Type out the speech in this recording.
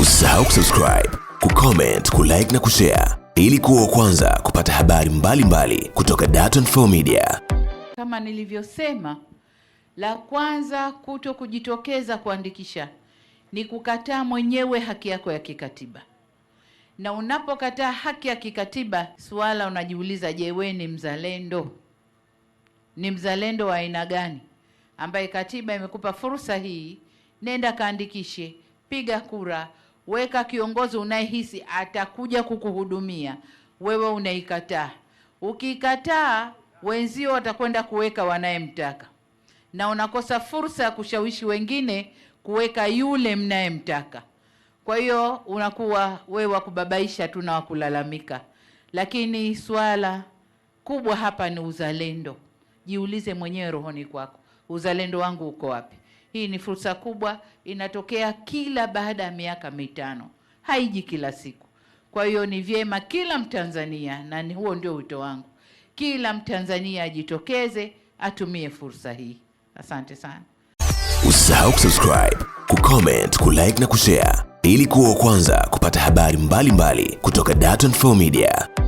Usisahau kusubscribe, kucomment, kulike na kushare ili kuwa kwanza kupata habari mbalimbali mbali kutoka Dar24 Media. Kama nilivyosema, la kwanza kuto kujitokeza kuandikisha ni kukataa mwenyewe haki yako ya kikatiba, na unapokataa haki ya kikatiba suala unajiuliza, je, wewe ni mzalendo? Ni mzalendo wa aina gani ambaye katiba imekupa fursa hii? Nenda kaandikishe, piga kura. Weka kiongozi unayehisi atakuja kukuhudumia, wewe unaikataa. Ukiikataa, wenzio watakwenda kuweka wanayemtaka, na unakosa fursa ya kushawishi wengine kuweka yule mnayemtaka. Kwa hiyo unakuwa wewe wakubabaisha tu na wakulalamika. Lakini swala kubwa hapa ni uzalendo. Jiulize mwenyewe rohoni kwako, uzalendo wangu uko wapi? Hii ni fursa kubwa, inatokea kila baada ya miaka mitano, haiji kila siku. Kwa hiyo ni vyema kila Mtanzania, na huo ndio wito wangu, kila Mtanzania ajitokeze, atumie fursa hii. Asante sana. Usisahau kusubscribe, kucomment, kulike na kushare ili kuwa wa kwanza kupata habari mbalimbali mbali kutoka Dar24 Media.